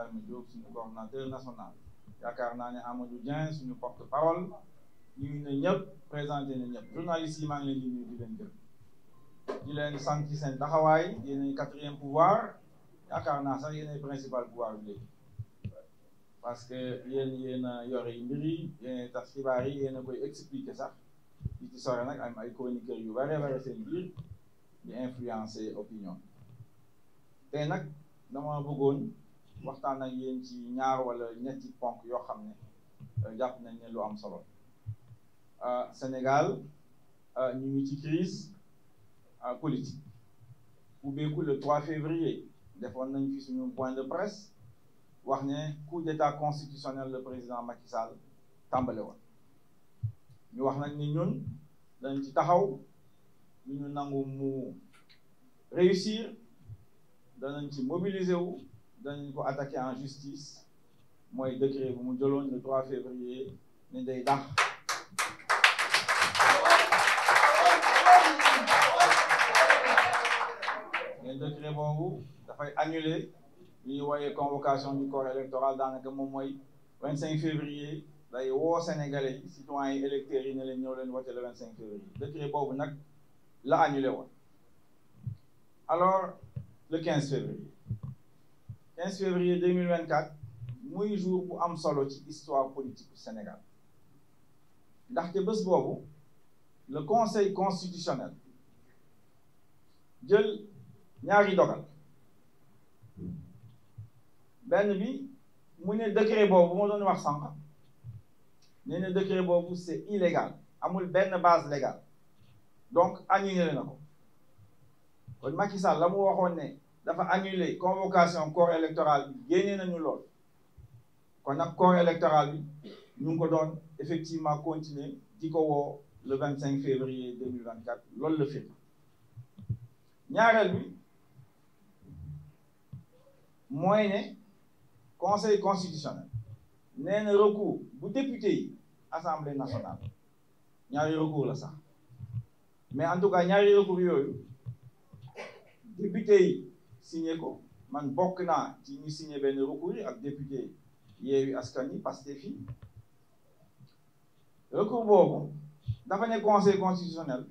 Ibrahima Diop suñu coordonnateur national yaakaar naa ne Amadou Dieng suñu porte parole ñuy ne ñëpp présenté na ñëpp journalistes yi maa ngi leen di nuyu di leen gërëm di leen sant ci seen taxawaay yéenay quatrième pouvoir yaakaar naa sax yéenay principal pouvoir bi léegi parce que yéen yéen a yore mbir yi yéen a yi yéen a koy expliquer sax di ci sore nag am ay chroniqueur yu bare bare seen biir di influencer opinion tey nag dama waxtaan ak yéen ci ñaar wala ñetti ponk yoo xam ne euh, jàpp nañ ne lu am solo euh, Sénégal euh, ñu ngi ci crise politique ubbeeku le 3 février defoon nañ fi suñu point de presse wax ne coup d'état constitutionnel le président Macky Sall tàmbale woon ñu wax nag ni ñun dañ ci taxaw ñu ñu nangu mu réussir danañ ci mobiliser wu dañu ko attaqué en justice mooy décret bu mu jëloon le 3 février ne day dàq mais décret boobu dafay annulé li ñuy wooyee convocation du corps électoral daanaka moom mooy 25 février day woo Sénégalais yi citoyens yi électeurs yi ne leen ñëw leen voté le 25 février décret boobu nag la annulé woon alors le 15 février. 15 février 2024 muy jour bu am solo ci histoire politique du Sénégal ndaxte bés boobu le conseil constitutionnel jël ñaari dogal benn bi mu ne décret boobu ma doon wax sànq ne ne décret boobu c'est illégal amul benn base a donc annulé na ko kon Macky Sall la mu waxoon ne dafa annulé convocation corps électoral bi génnee nañu lool kon nag corps électoral bi ñu ngi ko doon effectivement continuer di ko woo le vingt cinq février deux mille vingt quatre loolu la fi ñaareel bi mooy ne conseil constitutionnel nee na recours bu député yi assemblée nationale ñaari recours la sax mais en tout cas ñaari recours yooyu député yi signé ko man bokk naa ci ñu signé benn ak député Yewwi Askan Wi Pastef yi recours boobu dafa ne conseil constitutionnel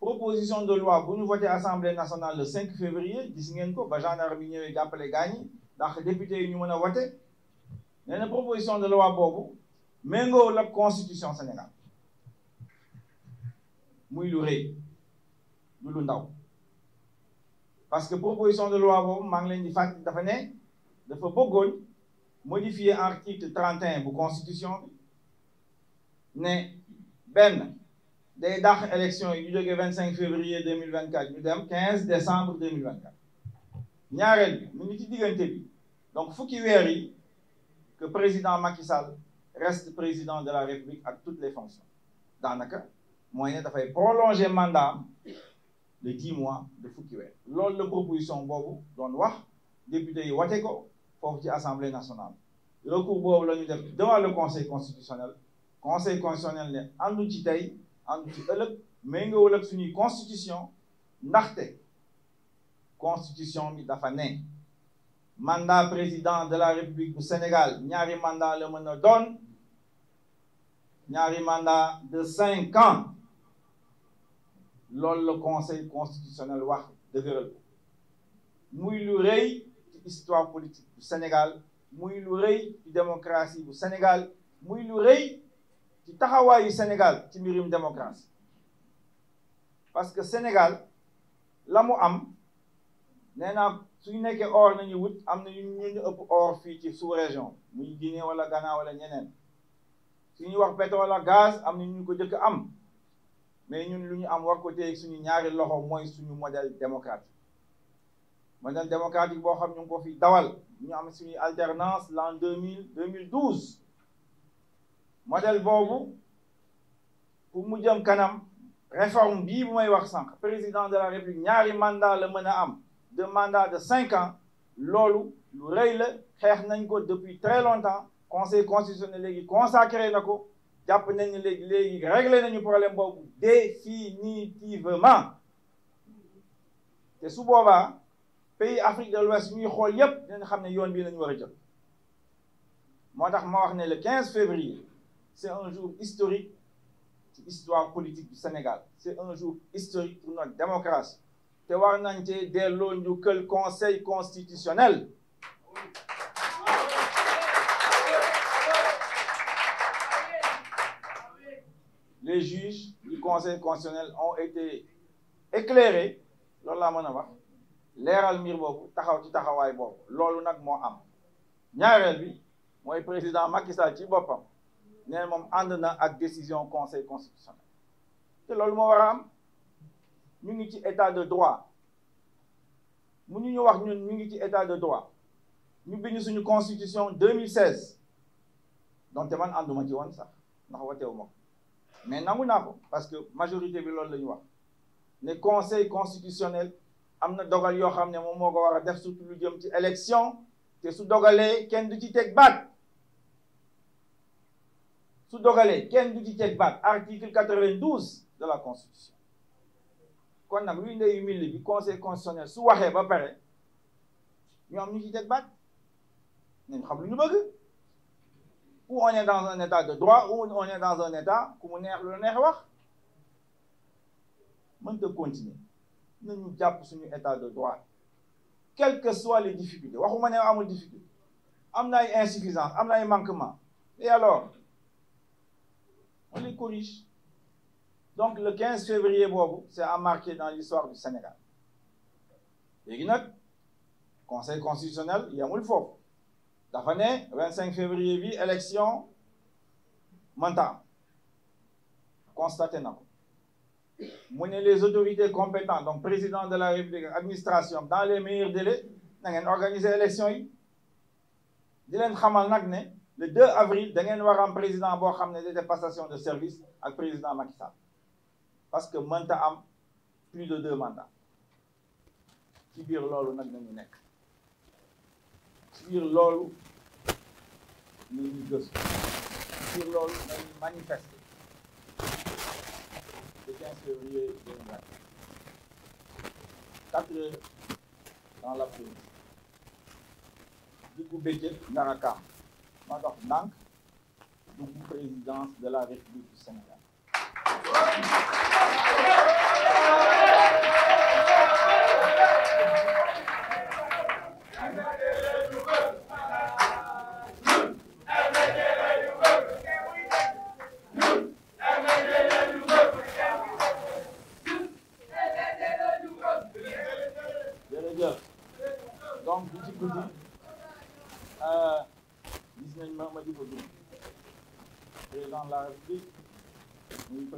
proposition de loi bu ñu voté assemblée nationale le 5 février gis ngeen ko ba gendarme yi ñëwee jàppale gaañ yi ndax député yi ñu mën a voté na proposition de loi boobu méngoo la constitution Sénégal muy lu rëy du lu ndaw parce que proposition de loi boobu maa ngi leen di fàttali dafa ne dafa bëggoon modifier article 31 bu constitution bi ne benn day dàq élection yi ñu jógee 25 février 2024 ñu dem 15 décembre 2024 ñaareel bi mu ngi ci diggante bi donc fukki weer yi que président Macky reste président de la République ak toutes les fonctions daanaka mooy ne dafay prolonger mandat de dix de fukki weer loolu la proposition boobu doon wax député yi wate ko foofu ci assemblée nationale recours boobu la ñu def devant le conseil constitutionnel conseil constitutionnel ne àndu ci tey àndu ci ëllëg méngoowul ak suñuy constitution ndaxte constitution bi dafa ne mandat président de la république bu Sénégal ñaari mandat la mën a doon ñaari mandat de cinq ans loolu la conseil constitutionnel wax dëgëral muy lu rëy ci histoire politique bu Sénégal muy lu rëy ci démocratie bu Sénégal muy lu rëy ci taxawaayu Sénégal ci mbirum démocratie parce que Sénégal la mu am nee naa suñu nekkee or nañu wut am na ñu ñu ëpp or fii ci sous-région muy Guinée wala Ghana wala ñeneen suñuy wax pétrole wala gaz am na ñu ko jëkk am mais ñun lu ñu am war ko téye suñu ñaari loxo mooy suñu modèle démocratique modèle démocratique boo xam ñu ngi ko fi dawal ñu am suñu alternance l'an deux mille deux mille douze modèle boobu pour mu jëm kanam réforme bii bu may wax sànq président de la république ñaari mandaa la mën a am de mandat de cinq ans loolu lu rëy la xeex nañ ko depuis très longtemps conseil constitutionnel léegi consacré na ko jàpp nañ ne léegi léegi réglé nañu problème boobu définitivement te su boobaa pays Afrique de l'Ouest ñuy xool yépp dinañ xam ne yoon bii lañu war a jël moo tax ma wax ne le 15 février c'est un jour historique ci histoire politique du Sénégal c'est un jour historique pour notre démocratie te war nañ cee delloo njukkal conseil constitutionnel conseil constitutionnel ont été éclairés loolu laa mën a wax leeral mbir boobu taxaw ci taxawaay boobu loolu nag moo am ñaareel bi mooy président Macky Sall ci boppam ne moom ànd na ak décision conseil constitutionnel te loolu moo war a am ñu ngi ci état de droit mu ñu ñu wax ñun ñu ngi ci état de droit ñu bind suñu constitution 2016 donc man ànduma ci woon sax ndax wateewu ma ko mais nangu naa ko parce que majorité bi loolu la ñu wax ne conseil constitutionnel am na dogal yoo xam ne moom moo ko war a def surtout lu jëm ci élection te su dogalee kenn du ci teg baat su dogalee kenn du ci teg baat article 92 de la constitution kon nag luy ndeyu mil bi constitutionnel su waxee ba pare ñu am ñu ci teg baat nañ xam lu ñu bëgg ou on est dans un état de droit ou on est dans un état ku mu neex lu neex wax mënta continuer nañu jàpp suñu état de droit quelles que soient les difficultés waxuma ne amul difficulté am na ay insuffisance am na ay manquement et alors on les corrige donc le 15 février boobu c'est à marquer dans l'histoire du Sénégal léegi nag conseil constitutionnel yamul foofu dafa ne 25 février bi élection mënta am constaté na ko mu ne les autorités président de la république administration dans les meilleurs délais na ngeen organiser élection yi di leen xamal nag ne le 2 avril da ngeen war am président boo xam ne de passation de service ak président Macky Sall parce que mënta am plus de deux ci biir loolu nag nañu nekk biir loolu nañu gëstu biir loolu nañu manifester le 15 février 2024 quatre heures dans l'après-midi diggu bëccëg nar a kaam maa dox ndànk dugg présidence de la République du Sénégal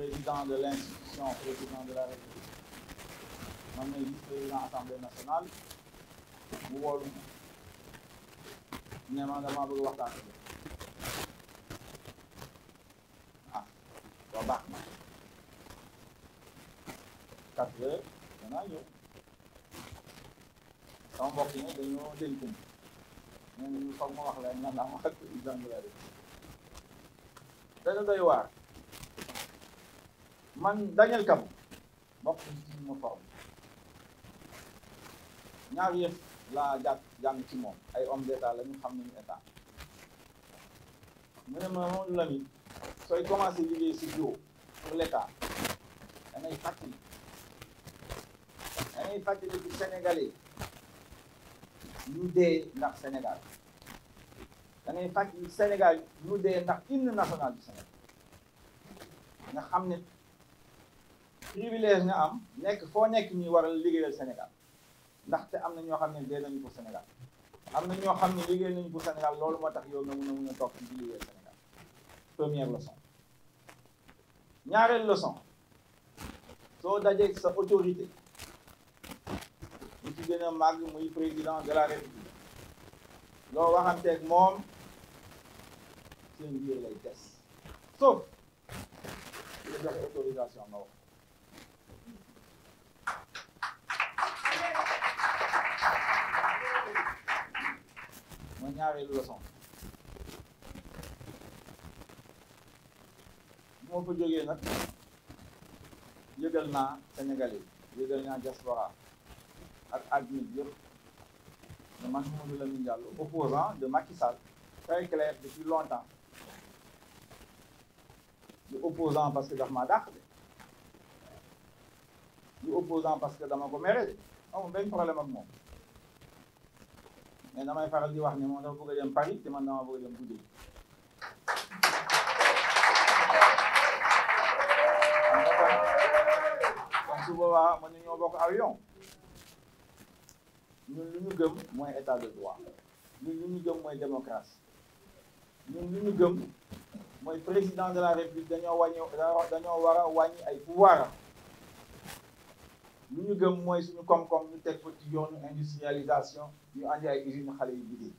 président de l'institution président de la République man may vice président assemblée nationale mu woolu ma ne ma damaa bëgg waxtaan ak ah waa baax na quatre heures danaa ñëw sama mbokk yi dañoo dénk ñu ne ñu foog ma wax leen nan laa wax ak président de la République dana doy waar man Daniel Kam bokk ci ñu ma forme ñaar yëpp laa jàpp jàng ci moom ay homme d'état la ñu xam nañu état mu ne ma moom la ni sooy commencé liggéey si bureau pour l'état dangay fàttali dangay fàttali ci Sénégalais ñu dee ndax Sénégal dangay fàttali Sénégal ñu dee ndax hymne national du Sénégal nga xam ne privilège nga am nekk foo nekk ñuy war a liggéeyal Sénégal ndaxte am na ñoo xam ne dee nañu pour Sénégal am na ñoo xam ne liggéey nañu pour Sénégal loolu moo tax yow nga mun a mun a toog ci liggéeyal Sénégal première leçon ñaareel leçon soo dajee sa autorité ñu ci gën a màgg muy président de la république loo waxanteeg moom seen biir lay des sauf li joxe autorisation nga wax ñaareelu leçon moo ko jógee nag yëgal naa Sénégal yi yëgal naa diaspora ak àddina bi yëpp ne man Mamadou Lamine Diallo opposant de Macky Sall très clair depuis longtemps du opposant parce que de maa dàq de du opposant parce que dama ko mere de amul benn problème ak moom mais damay faral di wax ne moom dafa bëgg a dem Paris te man dama bëgg a dem Goudiri kon su boobaa mën nañoo bokk avion ñun lu ñu gëm mooy état de droit ñun lu ñu gëm mooy démocratie ñun lu ñu gëm mooy président de la république dañoo wàññi dañoo war a wàññi ay pouvoir lu ñu gëm mooy suñu koom-koom ñu teg ko ci yoonu industrialisation ñu andi ay usine xale yu liggéey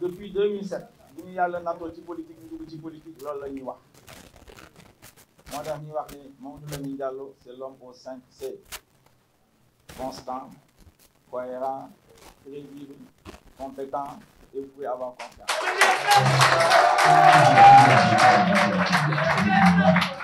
depuis 2007 bu ñu yàlla nattoo ci politique ñu dugg ci politique loolu la ñuy wax moo tax ñuy wax ni Mamadou Lamine Diallo c'est l'homme aux cinq C constant cohérent crédible compétent et vous pouvez avoir confiance Thank you.